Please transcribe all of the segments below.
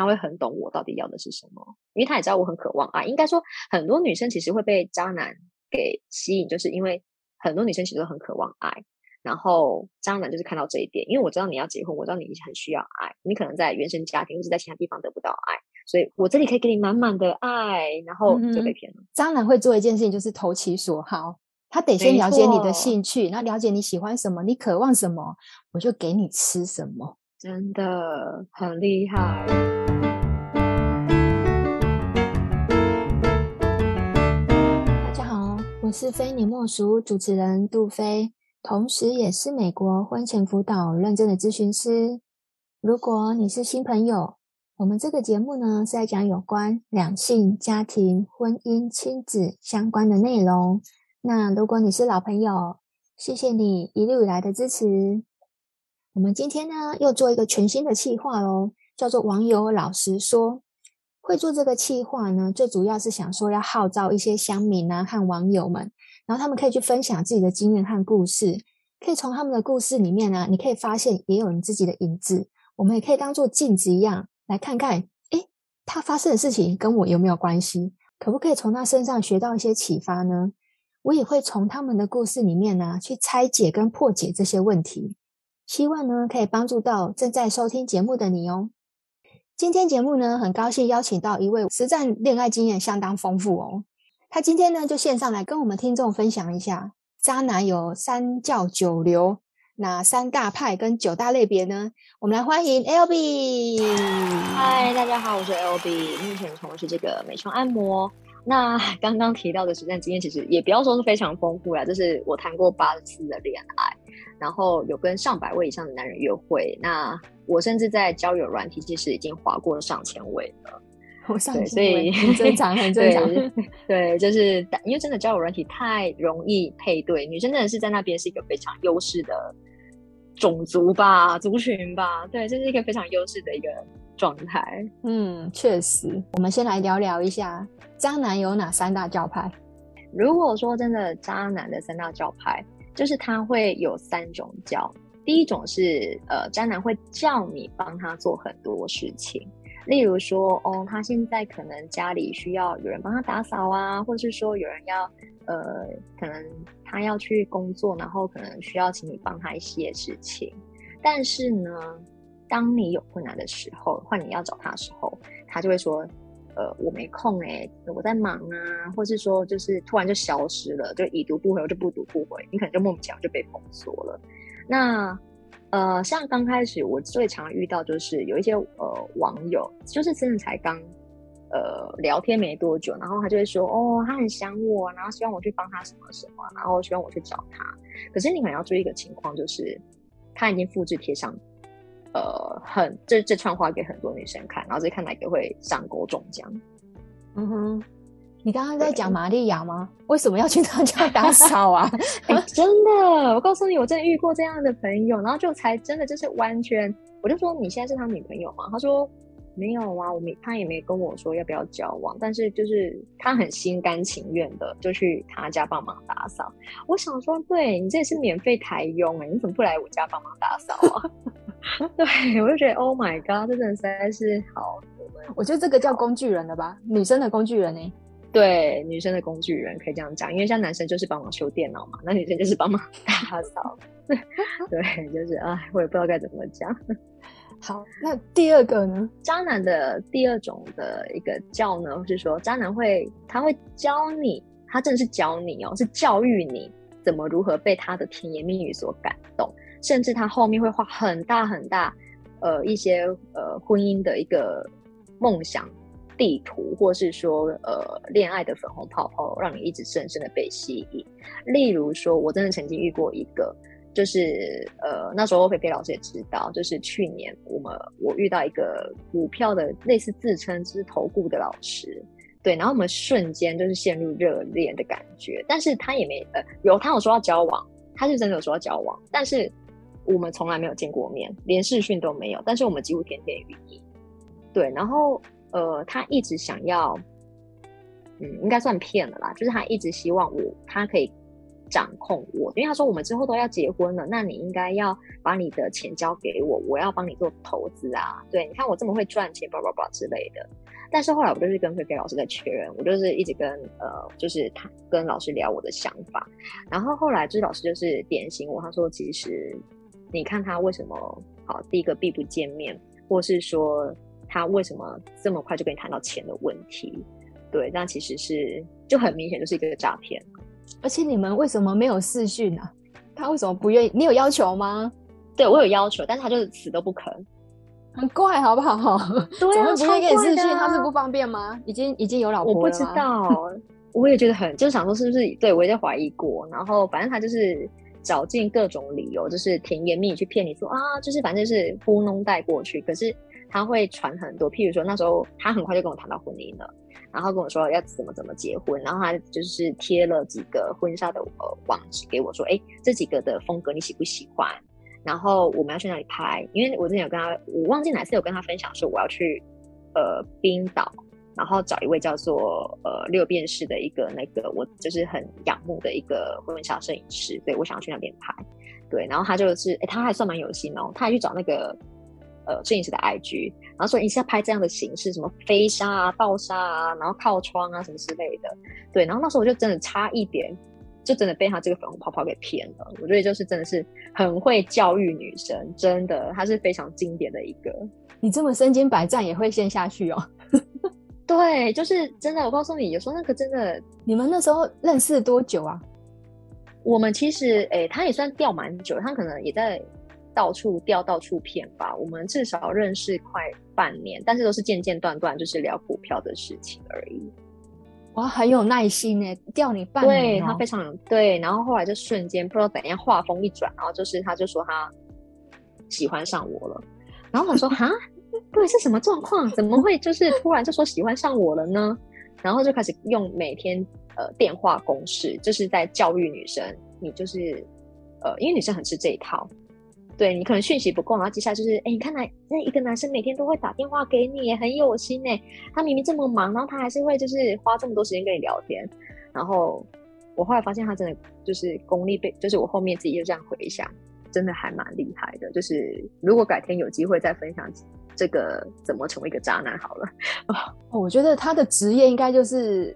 他會很懂我到底要的是什麼，因為他也知道我很渴望愛。應該說，很多女生其實會被渣男給吸引，就是因為很多女生其實都很渴望愛。然後，渣男就是看到這一點。因為我知道你要結婚，我知道你很需要愛，你可能在原生家庭或者在其他地方得不到愛，所以我這裡可以給你滿滿的愛，然後就被騙了。嗯哼，渣男會做一件事情，就是投其所好。他得先了解你的興趣，那沒錯。了解你喜歡什麼，你渴望什麼，我就給你吃什麼。真的很厲害！大家好，我是菲妳莫屬主持人杜菲，同時也是美國婚前輔導認證的諮詢師。如果你是新朋友，我們這個節目呢，是在講有關兩性、家庭、婚姻、親子相關的內容。那如果你是老朋友，謝謝你一路以來的支持。我們今天呢，又做一個全新的企劃嘍，叫做“網友老實說”。會做這個企劃呢，最主要是想說，要號召一些鄉民啊和網友們，然後他們可以去分享自己的經驗和故事，可以從他們的故事裡面呢、啊，你可以發現也有你自己的影子。我們也可以當做鏡子一樣，來看看，哎，他發生的事情跟我有沒有關係？可不可以從他身上學到一些啟發呢？我也會從他們的故事裡面呢、啊，去拆解跟破解這些問題。希望呢，可以幫助到正在收聽節目的你哦。今天節目呢，很高興邀請到一位實戰戀愛經驗相當豐富哦。他今天呢，就線上來跟我們聽眾分享一下，渣男有三教九流，哪三大派跟九大類別呢？我們來歡迎 L B。嗨，大家好，我是 L B，目前從事這個美胸按摩。那剛剛提到的實戰經驗，其實也不要說是非常豐富啦、啊，就是我談過八次的戀愛。然後有跟上百位以上的男人約會，那我甚至在交友軟體其實已經滑過上千位了，我上千位，所以正常很正常，很正常 對，對，就是因為真的交友軟體太容易配對，女生真的是在那邊是一個非常優勢的種族吧，族群吧，對，這、就是一個非常優勢的一個狀態。嗯，確實。我們先來聊聊一下渣男有哪三大教派。如果說真的渣男的三大教派。就是他會有三種教，第一種是呃，渣男會叫你幫他做很多事情，例如說，哦，他現在可能家裡需要有人幫他打掃啊，或是說有人要，呃，可能他要去工作，然後可能需要請你幫他一些事情。但是呢，當你有困難的時候，或者你要找他的時候，他就會說。呃，我沒空哎，我在忙啊，或是說就是突然就消失了，就已讀不回，我就不讀不回，你可能就莫名其妙就被封鎖了。那呃，像剛開始我最常遇到就是有一些呃網友，就是真的才剛呃聊天沒多久，然後他就會說哦，他很想我，然後希望我去幫他什麼什麼，然後希望我去找他。可是你可能要注意一個情況，就是他已經複製貼上。呃，很這這串話給很多女生看，然後就看哪個會上鈎中獎。嗯哼，你剛剛在講瑪利亞嗎？對為什麼要去他家打掃啊、 欸，真的，我告訴你，我真的遇過這樣的朋友，然後就才真的就是完全，我就說你現在是他女朋友嗎？他說沒有啊，我沒他也沒跟我說要不要交往，但是就是他很心甘情願的就去他家幫忙打掃。我想說，對，你這也是免費台傭哎，欸，你怎麼不來我家幫忙打掃啊？ 對，我就覺得 Oh my God，這個人實在是好。我覺得這個叫工具人的吧？好女生的工具人呢？對，女生的工具人可以這樣講，因為像男生就是幫忙修電腦嘛，那女生就是幫忙打掃。 對，就是啊我也不知道該怎麼講。好，那第二個呢？渣男的第二種的一個教呢，是說渣男會，他會教你，他真的是教你哦，是教育你怎麼如何被他的甜言蜜語所感。甚至他後面會畫很大很大，呃，一些呃婚姻的一個夢想地圖，或是說呃戀愛的粉紅泡泡，讓你一直深深的被吸引。例如說，我真的曾經遇過一個，就是呃那時候我菲菲老師也知道，就是去年我們我遇到一個股票的類似自稱是投顧的老師，對，然後我們瞬間就是陷入熱戀的感覺，但是他也沒呃有，他有說要交往，他是真的有說要交往，但是。我們從來沒有見過面，連視訊都沒有。但是我們幾乎天天語音。對，然後呃，他一直想要，嗯，應該算騙了吧？就是他一直希望我，他可以掌控我，因為他說我們之後都要結婚了，那你應該要把你的錢交給我，我要幫你做投資啊。對，你看我這麼會賺錢，叭叭叭之類的。但是後來我就去跟菲菲老師在確認，我就是一直跟呃，就是他跟老師聊我的想法。然後後來就是老師就是點醒我，他說其實。你看他為什麼好？第一個避不見面，或是說他為什麼這麼快就跟你談到錢的問題？對，那其實是就很明顯就是一個詐騙。而且你們為什麼沒有視訊呢？他為什麼不願意？你有要求嗎？對我有要求，但是他就是死都不肯，很怪，好不好？對、啊、怎麼不會給你視訊，他是不方便嗎？已經已經有老婆了。我不知道，我也覺得很，就想說是不是？對我也在懷疑過。然後反正他就是。找盡各種理由，就是甜言蜜語去騙你說啊，就是反正是糊弄帶過去。可是他會傳很多，譬如說那時候他很快就跟我談到婚姻了，然後跟我說要怎麼怎麼結婚，然後他就是貼了幾個婚紗的呃網址給我說，哎、欸，這幾個的風格你喜不喜歡？然後我們要去哪裡拍？因為我之前有跟他，我忘記哪次有跟他分享說我要去呃冰島。然後找一位叫做呃六便士的一個那個我就是很仰慕的一個婚紗攝影師，對，我想要去那邊拍，對，然後他就是哎，他還算蠻有心哦，他還去找那個呃攝影師的 IG，然後說，你是要拍這樣的形式，什麼飛紗啊、爆紗啊，然後靠窗啊什麼之類的，對，然後那時候我就真的差一點，就真的被他這個粉紅泡泡給騙了。我覺得就是真的是很會教育女生，真的，他是非常經典的一個。你這麼身經百戰也會陷下去哦。對，就是真的。我告訴你，有時候那個真的，你們那時候認識多久啊？我們其實，哎、欸，他也算釣蠻久，他可能也在到處釣，到處騙吧。我們至少認識快半年，但是都是間間斷斷，就是聊股票的事情而已。哇，很有耐心呢，釣你半年。對，他非常對。然後後來就瞬間不知道怎樣，話鋒一轉，然後就是他就說他喜歡上我了。然後我說哈。 對，是什麼狀況？怎麼會就是突然就說喜歡上我了呢？ 然後就開始用每天呃電話攻勢，就是在教育女生，你就是呃因為女生很吃這一套。對，你可能訊息不夠，然後接下來就是哎、欸、你看來那一個男生每天都會打電話給你，很有心呢、欸。他明明這麼忙，然後他還是會就是花這麼多時間跟你聊天。然後我後來發現他真的就是功力被，就是我後面自己就這樣回想，真的還蠻厲害的。就是如果改天有機會再分享。這個怎麼成為一個渣男？好了，哦、我覺得他的職業應該就是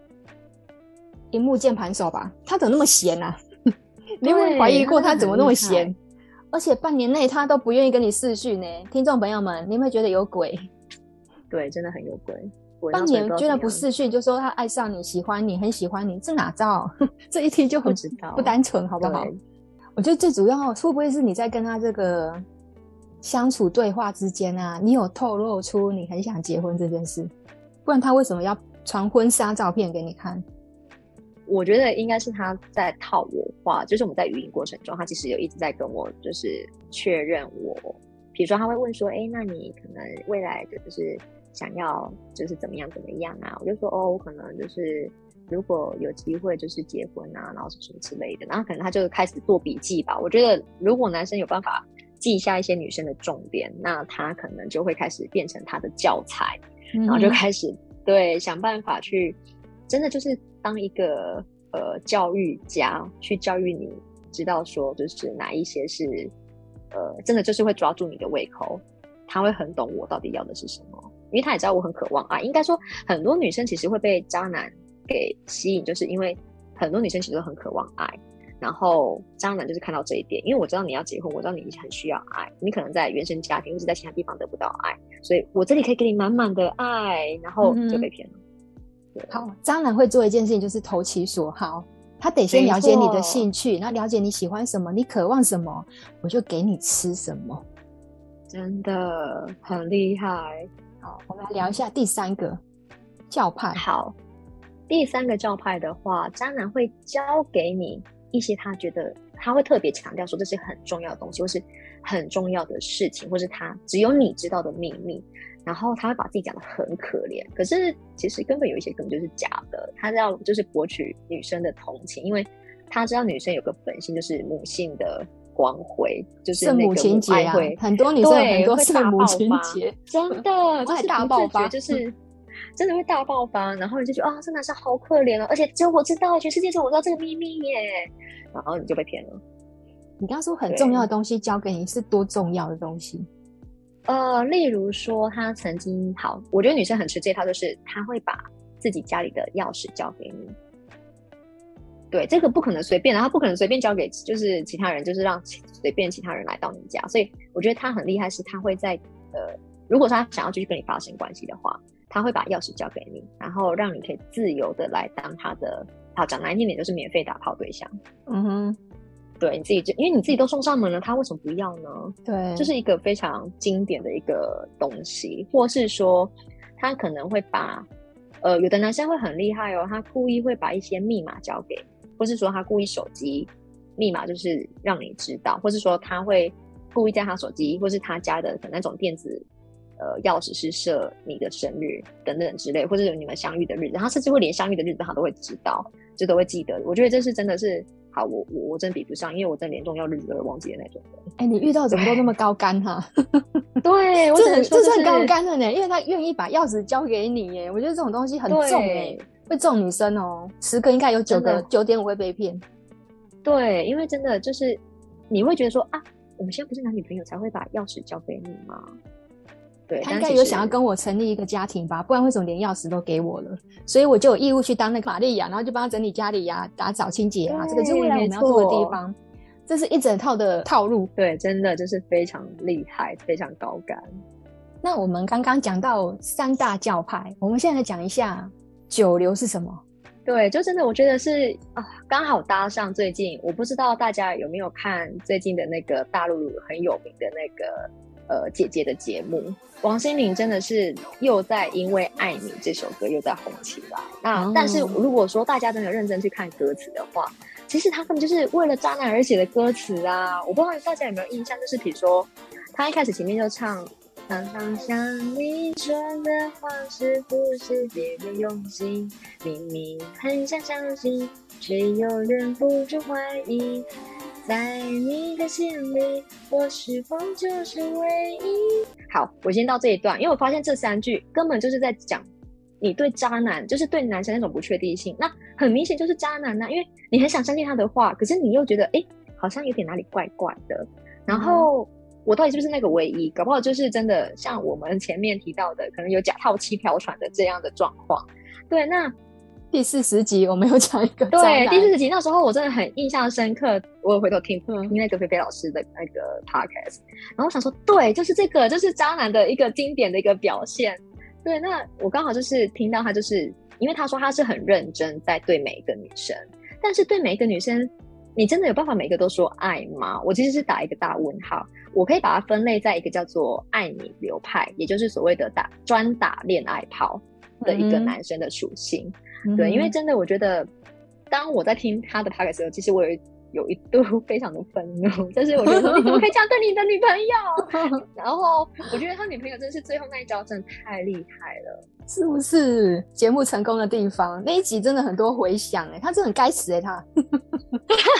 熒幕鍵盤手吧。他怎麼那麼閒啊？你有 對沒有懷疑過他怎麼那麼閒？ 而且半年內他都不願意跟你視訊呢，聽眾朋友們，你有沒有覺得有鬼？對，真的很有鬼。半年居然不視訊，就說他愛上你，喜歡你，很喜歡你，這哪招？ 這一聽就很知道不單純， 不道好不好？對我覺得最主要會不會是你在跟他這個？相處對話之間啊，你有透露出你很想結婚這件事，不然他為什麼要傳婚紗照片給你看？我覺得應該是他在套我話，就是我們在語音過程中，他其實有一直在跟我，就是確認我，比如說他會問說：“哎、欸，那你可能未來就是想要就是怎麼樣怎麼樣啊？”我就說：“哦，我可能就是如果有機會就是結婚啊，然後什麼之類的。”然後可能他就開始做筆記吧。我覺得如果男生有辦法。記下一些女生的重點，那他可能就會開始變成他的教材，嗯嗯，然後就開始對，想辦法去，真的就是當一個呃教育家去教育你，知道說就是哪一些是，呃真的就是會抓住你的胃口，他會很懂我到底要的是什麼，因為他也知道我很渴望愛。應該說很多女生其實會被渣男給吸引，就是因為很多女生其實都很渴望愛。然後渣男就是看到這一點，因為我知道你要結婚，我知道你很需要愛，你可能在原生家庭或者在其他地方得不到愛，所以我這裡可以給你滿滿的愛，然後就被騙了。嗯、對好，渣男會做一件事情，就是投其所好，他得先了解你的興趣，那錯了解你喜歡什麼，你渴望什麼，我就給你吃什麼，真的很厲害好。好，我們來聊一下第三個教派。好，第三個教派的話，渣男會教給你。一些他覺得他會特別強調說這是很重要的東西，或是很重要的事情，或是他只有你知道的秘密，然後他會把自己講得很可憐。可是其實根本有一些根本就是假的，他要就是博取女生的同情，因為他知道女生有個本性就是母性的光輝，就是母親節啊，很多女生有很多對是母親節真的就是打爆發， 就是。 真的會大爆發，然後你就覺得啊、哦，真的是好可憐哦！而且只有我知道，全世界就我知道這個秘密耶！然後你就被騙了。你剛剛說很重要的東西交給你，是多重要的東西？對呃，例如說，他曾經好，我覺得女生很直接，他就是他會把自己家裡的鑰匙交給你。對，這個不可能隨便的，他不可能隨便交給就是其他人，就是讓隨便其他人來到你家。所以我覺得他很厲害，是他會在呃，如果他想要繼續跟你發生關係的話。他會把鑰匙交給你，然後讓你可以自由的來當他的，好講難聽點就是免費打炮對象，嗯哼，對你自己就，因為你自己都送上門了，他為什麼不要呢？對，就是一個非常經典的一個東西，或是說他可能會把，呃，有的男生會很厲害哦，他故意會把一些密碼交給，或是說他故意手機密碼就是讓你知道，或是說他會故意在他手機或是他家的可能那種電子。呃，鑰匙是設你的生日等等之類，或者你們相遇的日子，他甚至會連相遇的日子他都會知道，就都會記得。我覺得這是真的是好，我我我真比不上，因為我真連重要日子都會忘記的那種人。哎、欸，你遇到怎麼都這麼高竿哈？對，的這算高竿了呢，因為他願意把鑰匙交給你耶。我覺得這種東西很重哎，對會中女生哦、喔，十個應該有九個九點五會被騙。對，因為真的就是你會覺得說啊，我們現在不是男女朋友才會把鑰匙交給你嗎？對他應該有想要跟我成立一個家庭吧，不然為什麼連鑰匙都給我了？所以我就有義務去當那個瑪麗亞，然後就幫他整理家裡呀、啊，打掃清潔啊。對這個是為了我們要做的地方，錯這是一整套的套路。對，真的就是非常厲害，非常高竿。那我們剛剛講到三大教派，我們現在來講一下九流是什麼？對，就真的我覺得是啊，剛好搭上最近，我不知道大家有沒有看最近的那個大陸很有名的那個。呃，姐姐的節目，王心凌真的是又在因為《愛你》這首歌又在紅起來。那但是如果說大家都沒有認真去看歌詞的話，其實他根本就是為了渣男而寫的歌詞啊！我不知道大家有沒有印象，就是比如說，他一開始前面就唱，常常想你說的話是不是別有用心，明明很想相信，卻又忍不住懷疑。在你的心裡，我是否就是唯一？好，我先到這一段，因為我發現這三句根本就是在講你對渣男，就是對男生那種不確定性。那很明顯就是渣男呐、啊，因為你很想相信他的話，可是你又覺得，誒、欸，好像有點哪裡怪怪的。然後、嗯、我到底是不是那個唯一？搞不好就是真的，像我們前面提到的，可能有假套、欺嫖、喘的這樣的狀況。對，那。第四十集，我沒有講一個對第四十集，那時候我真的很印象深刻。我有回頭聽、嗯、聽那個菲菲老師的那個 podcast，然後我想說，對，就是這個，就是渣男的一個經典的一個表現。對，那我剛好就是聽到他，就是因為他說他是很認真在對每一個女生，但是對每一個女生，你真的有辦法每一個都說愛嗎？我其實是打一個大問號。我可以把它分類在一個叫做“愛你流派”，也就是所謂的打專打戀愛炮的一個男生的屬性。嗯對，因為真的，我覺得當我在聽他的 podcast 的時候，其實我有有一度非常的憤怒，但是我覺得你怎麼可以這樣對你的女朋友？ 然後我覺得他女朋友真是最後那一招，真的太厲害了，是不是？節目成功的地方，那一集真的很多回響哎，他真的很該死哎，欸，他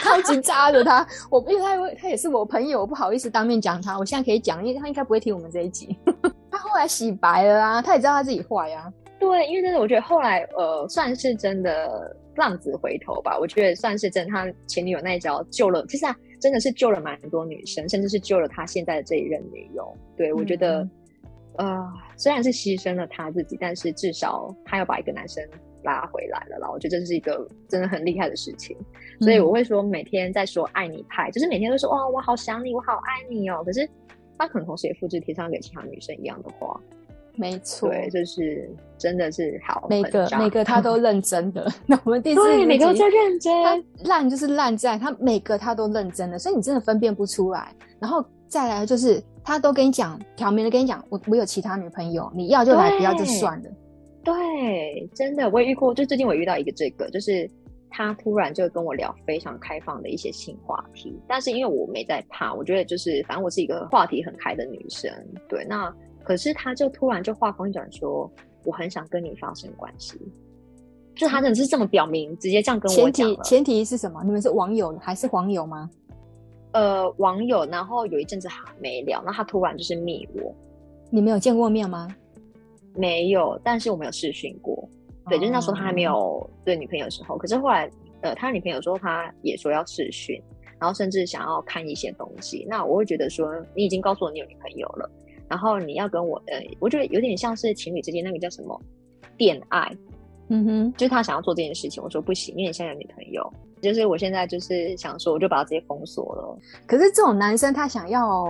他 超級渣的他，我因為他他也是我朋友，我不好意思當面講他，我現在可以講，因為他應該不會聽我們這一集。他後來洗白了啊，他也知道他自己壞呀、啊。對，因為真的，我覺得後來，呃，算是真的浪子回頭吧。我覺得算是真，他前女友那一招救了，其實、啊、真的是救了蠻多女生，甚至是救了他現在的這一任女友。對、嗯、我覺得，呃，雖然是犧牲了他自己，但是至少他要把一個男生拉回來了啦。我覺得這是一個真的很厲害的事情。所以我會說，每天在說“愛你派”，嗯、就是每天都說“哇、哦，我好想你，我好愛你哦”。可是他可能同時也複製貼上給其他女生一樣的話。沒錯，就是真的是好，每個差每個他都認真的。那 我們第四，對每個都在認真。他爛就是爛在，他每個他都認真的，所以你真的分辨不出來。然後再來就是，他都跟你講，挑明的跟你講，我我有其他女朋友，你要就來，對不要就算了。對，真的我也遇過，就最近我遇到一個這個，就是他突然就跟我聊非常開放的一些性話題，但是因為我沒在怕，我覺得就是反正我是一個話題很開的女生，對那。可是他就突然就畫風一轉，說我很想跟你發生關係，就他真的是這麼表明，前提，直接這樣跟我講，前提前提是什麼？你們是網友還是黃友嗎？呃，網友。然後有一陣子還沒聊，那他突然就是密我。你們有見過面嗎？沒有，但是我們有視訊過。對，就是那時候他還沒有對女朋友的時候，哦、可是後來呃，他女朋友說他也說要視訊，然後甚至想要看一些東西。那我會覺得說，你已經告訴我你有女朋友了。然後你要跟我，呃，我覺得有點像是情侶之間那個叫什麼，戀愛，嗯哼，就是他想要做這件事情，我說不行，有點像有女朋友。就是我現在就是想說，我就把他直接封鎖了。可是這種男生他想要，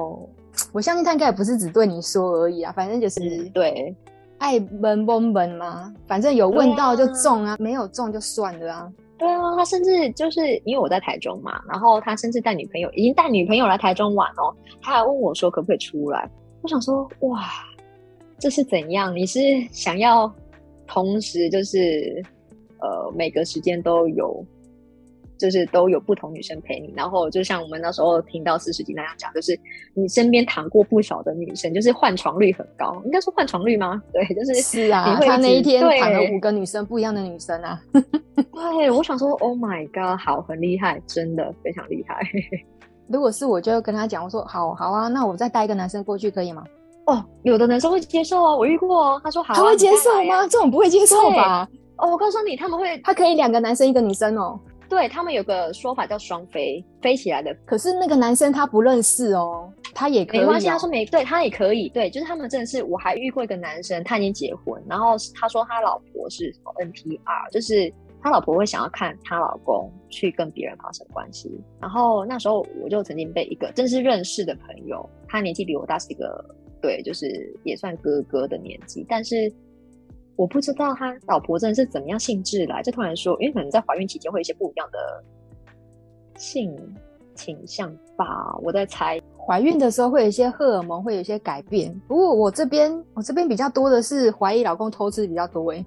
我相信他應該不是只對你說而已啊，反正就是，是對，愛悶不悶嘛，反正有問到就中啊，啊沒有中就算了啊。對啊，他甚至就是因為我在台中嘛，然後他甚至帶女朋友，已經帶女朋友來台中玩哦，他還問我說可不可以出來。我想說，哇，這是怎樣？你是想要同時就是，呃，每個時間都有，就是都有不同女生陪你。然後就像我們那時候聽到四十幾那樣講，就是你身邊躺過不少的女生，就是換床率很高，應該說換床率嗎？對，就是是啊，你那一天躺了五個女生，不一樣的女生啊。 對，我想說，Oh my god，好，很厲害，真的非常厲害。如果是我就跟他講，我說好好啊，那我再帶一個男生過去可以嗎？哦，有的男生會接受啊、哦，我遇過哦。他說好、啊，他會接受嗎？啊、這種不會接受吧？哦，我告訴你，他們會，他可以兩個男生一個女生哦。對，他們有個說法叫雙飛，飛起來的。可是那個男生他不認識哦，他也可以、啊。沒關係。他說沒，對，他也可以，對，就是他們真的是。我還遇過一個男生，他已經結婚，然後他說他老婆是 NPR，就是。他老婆會想要看他老公去跟別人發生關係，然後那時候我就曾經被一個正式認識的朋友，他年紀比我大是一個，對，就是也算哥哥的年紀，但是我不知道他老婆真的是怎麼樣性質來，就突然說，因為可能在懷孕期間會有一些不一樣的性傾向。把我在猜，懷孕的時候會有一些荷爾蒙，會有一些改變。嗯、不過我這邊，我這邊比較多的是懷疑老公偷吃比較多，欸。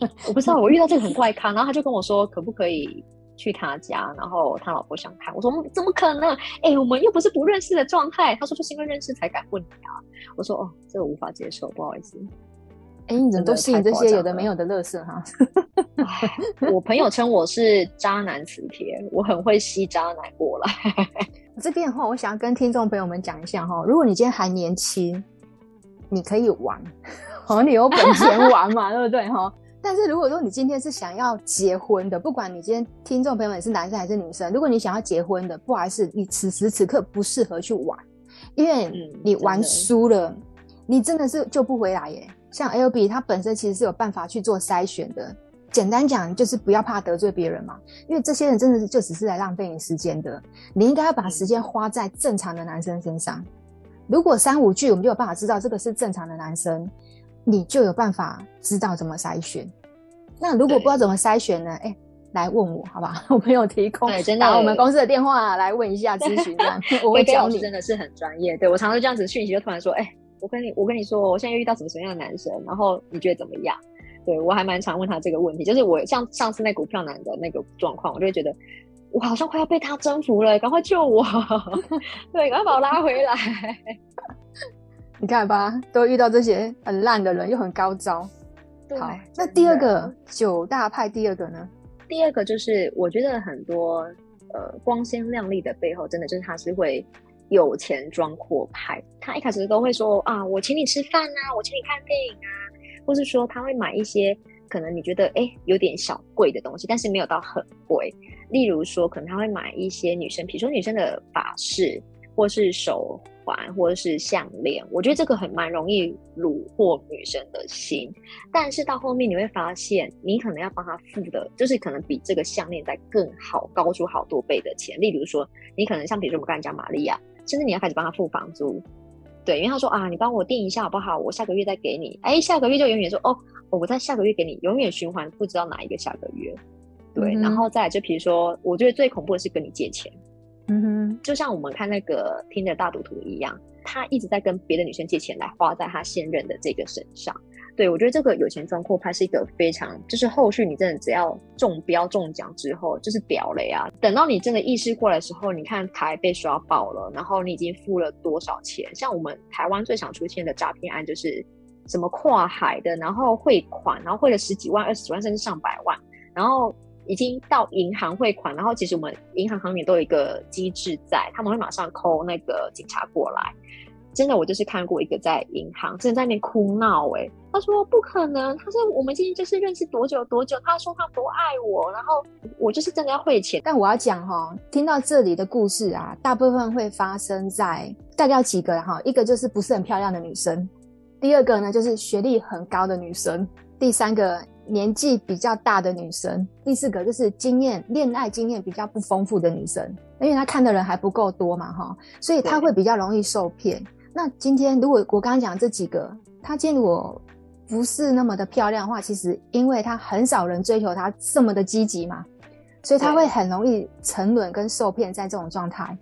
哎，我不知道， 我遇到這個很怪咖，然後他就跟我說，可不可以去他家？然後他老婆想看，我說怎麼可能？哎，欸，我們又不是不認識的狀態。他說就是因為認識才敢問你啊。我說哦，這個無法接受，不好意思。哎，欸，你怎麼都吸引這些有的沒有的樂色哈。 我朋友稱我是渣男磁鐵，我很會吸渣男過來。 這邊的、哦、話，我想要跟聽眾朋友們講一下哈、哦，如果你今天還年輕，你可以玩， 好，你有本錢玩嘛， 對不對哈、哦？但是如果說你今天是想要結婚的，不管你今天聽眾朋友們是男生還是女生，如果你想要結婚的，不好意思，你此時此刻不適合去玩，因為你玩輸了，嗯、真你真的是救不回來耶。像 L B 它本身其實是有辦法去做篩選的。簡單講就是不要怕得罪別人嘛，因為這些人真的就只是來浪費你時間的。你應該要把時間花在正常的男生身上。嗯、如果三五句，我們就有辦法知道這個是正常的男生，你就有辦法知道怎麼篩選。那如果不知道怎麼篩選呢？哎對、欸，來問我好不好？我沒有提供打我們公司的電話來問一下諮詢、啊，這 我會教你， 真的是很專業。對，我常常這樣子訊息，就突然說：“哎、欸，我跟你，我跟你說，我現在遇到什麼什麼樣的男生，然後你覺得怎麼樣？”對，我還蠻常問他這個問題，就是我像上次那股票男的那個狀況，我就會覺得，我好像快要被他征服了，趕快救我！ 對，趕快把我拉回來。 你看吧，都遇到這些很爛的人，又很高招。對好，的那第二個，九大派第二個呢？第二個就是我覺得很多呃光鮮亮麗的背後，真的就是他是會有錢裝闊派，他一開始都會說啊，我請你吃飯啊，我請你看電影啊。或是說他會買一些可能你覺得哎、欸、有點小貴的東西，但是沒有到很貴。例如說，可能他會買一些女生，比如說女生的髮飾，或是手環，或是項鏈。我覺得這個很蠻容易虜獲女生的心。但是到後面你會發現，你可能要幫他付的，就是可能比這個項鏈再更好，高出好多倍的錢。例如說，你可能像比如說我剛剛講瑪利亞，甚至你要開始幫他付房租。對，因為他說啊，你幫我墊一下好不好？我下個月再給你。哎，下個月就永遠說哦，我在下個月給你，永遠循環，不知道哪一個下個月。對，嗯、哼然後再來就比如說，我覺得最恐怖的是跟你借錢。嗯哼，就像我們看那個《Tinder 大賭徒》一樣，他一直在跟別的女生借錢來花在他現任的這個身上。對，我覺得這個有錢裝闊派是一個非常，就是後續你真的只要中標中獎之後，就是屌雷啊！等到你真的意識過來的時候，你看台被刷爆了，然後你已經付了多少錢？像我們台灣最常出現的詐騙案就是什麼跨海的，然後匯款，然後匯了十幾萬、二十幾萬，甚至上百萬，然後已經到銀行匯款，然後其實我們銀行行裡面都有一個機制在，他們會馬上扣那個警察過來。真的，我就是看過一個在銀行正在那哭鬧哎、欸，他說不可能，他說我們今天就是認識多久多久，他說他多愛我，然後我就是真的要匯錢。但我要講哈，聽到這裡的故事啊，大部分會發生在大概有幾個哈，一個就是不是很漂亮的女生，第二個呢就是學歷很高的女生，第三個年紀比較大的女生，第四個就是經驗戀愛經驗比較不豐富的女生，因為她看的人還不夠多嘛哈，所以她會比較容易受騙。那今天如果我剛剛講這幾個，她今天如果不是那麼的漂亮的話，其實因為她很少人追求她這麼的積極嘛，所以她會很容易沉淪跟受騙在這種狀態。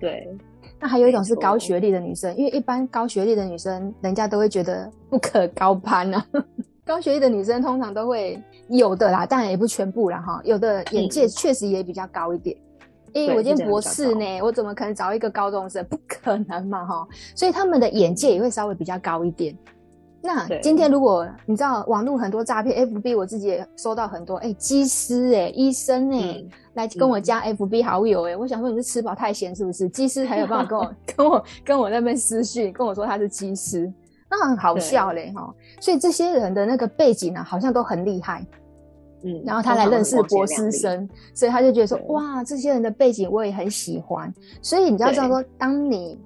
對。那還有一種是高學歷的女生，因為一般高學歷的女生，人家都會覺得不可高攀呢、啊。 高學歷的女生通常都會有的啦，當然也不全部啦哈。有的眼界確實也比較高一點。嗯哎，欸、對我今天博士呢，我怎麼可能找一個高中生？不可能嘛，哈！所以他們的眼界也會稍微比較高一點。那今天如果你知道網絡很多詐騙，FB 我自己也收到很多，哎、欸，機師哎、欸，醫生哎、欸，嗯、來跟我加 FB 好友哎、欸，嗯、我想說你是吃飽太閒是不是？機師還有辦法跟我 跟我跟我在那邊私訊跟我說他是機師，那很好笑嘞，哈對！所以這些人的那個背景呢、啊，好像都很厲害。嗯，然後他來認識博士生，所以他就覺得說，對哇，這些人的背景我也很喜歡。所以你要知道說，對當你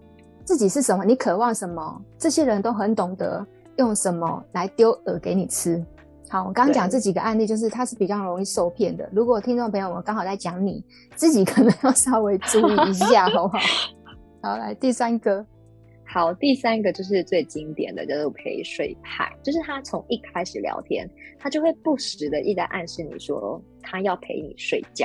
自己是什麼，你渴望什麼，這些人都很懂得用什麼來丟餌給你吃。好，我剛剛講這幾個案例，就是對他是比較容易受騙的。如果聽眾朋友，我們剛好在講你自己，可能要稍微注意一下，好不好？ 好，來第三個。好，第三個就是最經典的叫做陪睡派，就是他從一開始聊天，他就會不時的一直在暗示你說他要陪你睡覺，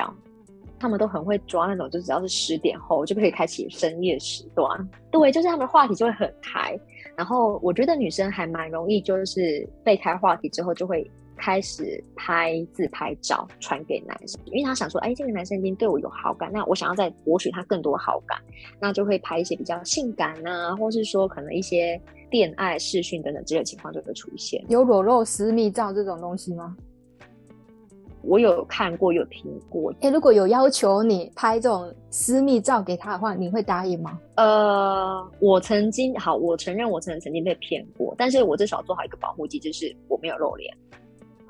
他們都很會抓那種，就只要是十點後就可以開啟深夜時段，對，就是他們話題就會很開，然後我覺得女生還蠻容易就是被開話題之後就會。開始拍自拍照傳給男生，因為他想說：“哎、欸，這個男生已經對我有好感，那我想要再博取他更多好感，那就會拍一些比較性感啊，或是說可能一些戀愛視訊等等之類的情況就會出現。有裸露私密照這種東西嗎？我有看過，有聽過。哎、欸，如果有要求你拍這種私密照給他的話，你會答應嗎？呃，我曾經，好，我承認我曾曾經被騙過，但是我至少做好一個保護機制，就是我沒有露臉。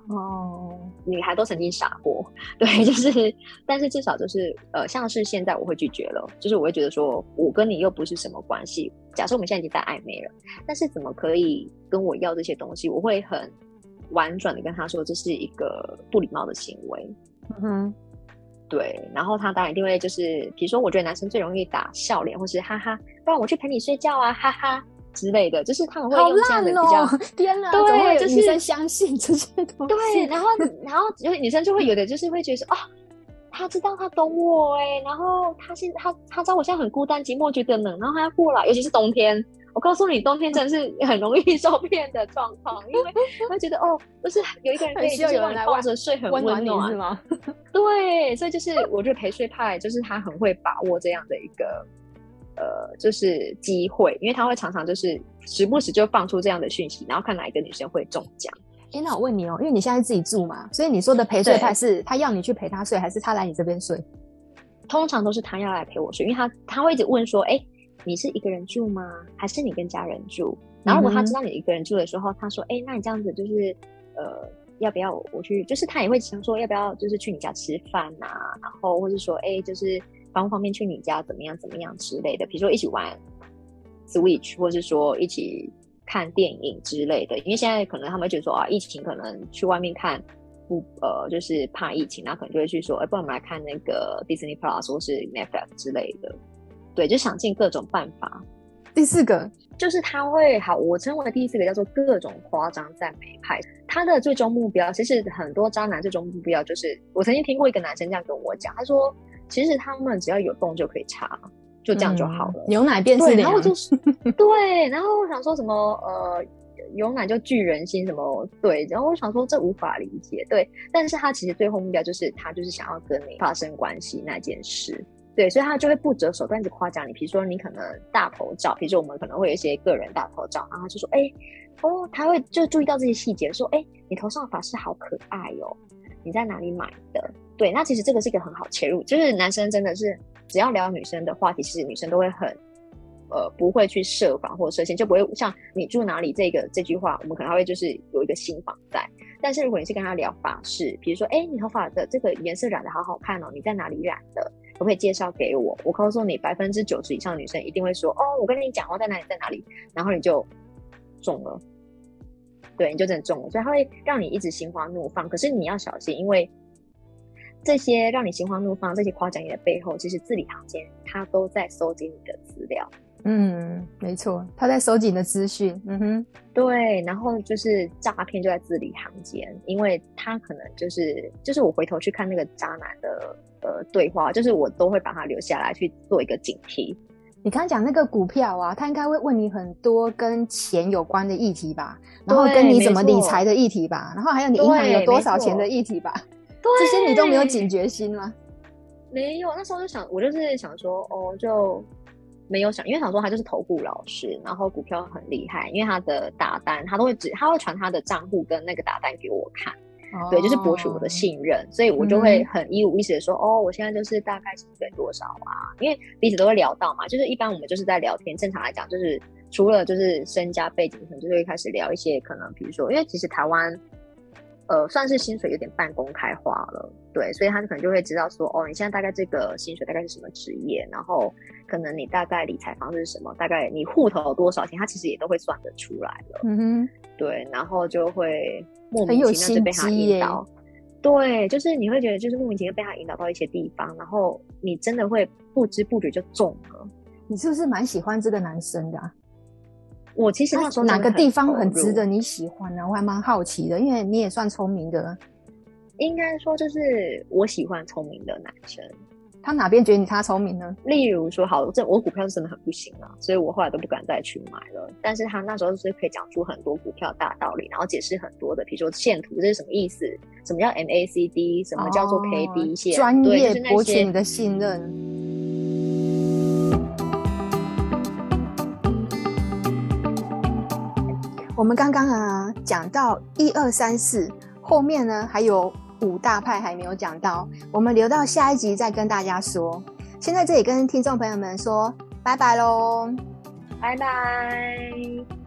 哦，oh. 女孩都曾經傻過，對，就是，但是至少就是，呃，像是現在我會拒絕了，就是我會覺得說，我跟你又不是什麼關係。假設我們現在已經在曖昧了，但是怎麼可以跟我要這些東西？我會很婉轉的跟他說，這是一個不禮貌的行為。嗯哼、mm，hmm. 對，然後他當然一定會就是，比如說，我覺得男生最容易打笑臉或是哈哈，不然我去陪你睡覺啊，哈哈。之類的就是，他們會用這樣的比較，哦、天啊，對，就是相信這些東西。對，然後然後有女生就會有的就是會覺得說， 哦，他知道他懂我哎、欸，然後他現他他知道我現在很孤單寂寞，覺得冷，然後他要過來，尤其是冬天。我告訴你，冬天真的是很容易受騙的狀況， 因為會覺得哦，就是有一個人可以這樣抱着睡很溫暖，是嗎？對，所以就是我覺得陪睡派就是他很會把握這樣的一個。呃，就是機會，因為他會常常就是時不時就放出這樣的訊息，然後看哪一個女生會中獎。哎、欸，那我問你哦、喔，因為你現在自己住嘛，所以你說的陪睡派是，對他要你去陪他睡，還是他來你這邊睡？通常都是他要來陪我睡，因為他他會一直問說，哎、欸，你是一個人住嗎？還是你跟家人住？然後如果他知道你一個人住的時候，嗯、哼他說，哎、欸，那你這樣子就是，呃，要不要我去？就是他也會想說，要不要就是去你家吃飯啊？然後或是說，哎、欸，就是。方不方便去你家？怎麼樣？怎麼樣之類的，比如說一起玩 Switch，或是說一起看電影之類的。因為現在可能他們就說啊，疫情可能去外面看不，呃，就是怕疫情，然後可能就會去說，哎、欸，不然我們來看那個 Disney Plus 或是 Netflix 之類的。對，就想盡各種辦法。第四個就是他會好，我稱為第四個叫做各種誇張讚美派。他的最終目標，其實很多渣男最終目標就是，我曾經聽過一個男生這樣跟我講，他說。其實他們只要有洞就可以插，就這樣就好了。牛奶變色的。然後就是， 對，然後我想說什麼？呃，牛奶就聚人心，什麼對？然後我想說這無法理解，對。但是他其實最後目標就是他就是想要跟你發生關係那件事，對，所以他就會不擇手段的誇獎你。譬如說你可能大頭照，譬如說我們可能會有一些個人大頭照，然後他就說，哎、欸，哦，他會就注意到這些細節，說，哎、欸，你頭上的髮飾好可愛喲、哦。你在哪裡買的？對，那其實這個是一個很好切入，就是男生真的是只要聊女生的話題，其實女生都會很，呃，不會去設防或設限，就不會像你住哪裡這個這句話，我們可能還會就是有一個心防在。但是如果你是跟他聊髮飾，比如說，哎，你頭髮的這個顏色染的好好看哦，你在哪裡染的？我可以介紹給我。我告訴你，百分之九十以上的女生一定會說，哦，我跟你講，哦，在哪裡，在哪裡，然後你就中了。對，你就真的中了，所以他會讓你一直心花怒放。可是你要小心，因為這些讓你心花怒放、這些誇獎你的背後，其實字裡行間他都在蒐集你的資料。嗯，沒錯，他在蒐集你的資訊。嗯哼，對，然後就是詐騙就在字裡行間，因為他可能就是就是我回頭去看那個渣男的呃對話，就是我都會把他留下來去做一個警惕。你剛講那個股票啊，他應該會問你很多跟錢有關的議題吧，對然後跟你怎麼理財的議題吧，對然後還有你銀行有多少錢的議題吧，對這些你都沒有警覺心嗎？對沒有，那時候就想，我就是想說，哦，就沒有想，因為想說他就是投顧老師，然後股票很厲害，因為他的打單，他都會指，他會傳他的賬戶跟那個打單給我看。對，就是博取我的信任，哦、所以我就會很一五一十的說，嗯、哦，我現在就是大概薪水多少啊，因為彼此都會聊到嘛，就是一般我們就是在聊天，正常來講，就是除了就是身家背景，可能就會開始聊一些可能，比如說，因為其實台灣，呃，算是薪水有點半公開化了，對，所以他可能就會知道說，哦，你現在大概這個薪水大概是什麼職業，然後可能你大概理財方式是什麼，大概你戶頭有多少錢，他其實也都會算得出來了，嗯哼，對，然後就會。他被他很有心機引導、欸，對，就是你會覺得就是莫名其妙被他引導到一些地方，然後你真的會不知不覺就中了。你是不是蠻喜歡這個男生的啊？我其實那時候、啊，哪個地方很值得你喜歡呢啊？我還蠻好奇的，因為你也算聰明的。應該說，就是我喜歡聰明的男生。他哪邊覺得你他聰明呢？例如說，好，這我的股票是真的很不行啊，所以我後來都不敢再去買了。但是他那時候是可以講出很多股票的大道理，然後解釋很多的，比如說線圖，這是什麼意思，什麼叫 MACD，什麼叫做 KD 線，專、哦、業博取你的信任。就是、我們剛剛啊講到一二三四，後面呢還有。五大派還沒有講到，我們留到下一集再跟大家說。現在這裡跟聽眾朋友們說拜拜嘍，拜拜。拜拜。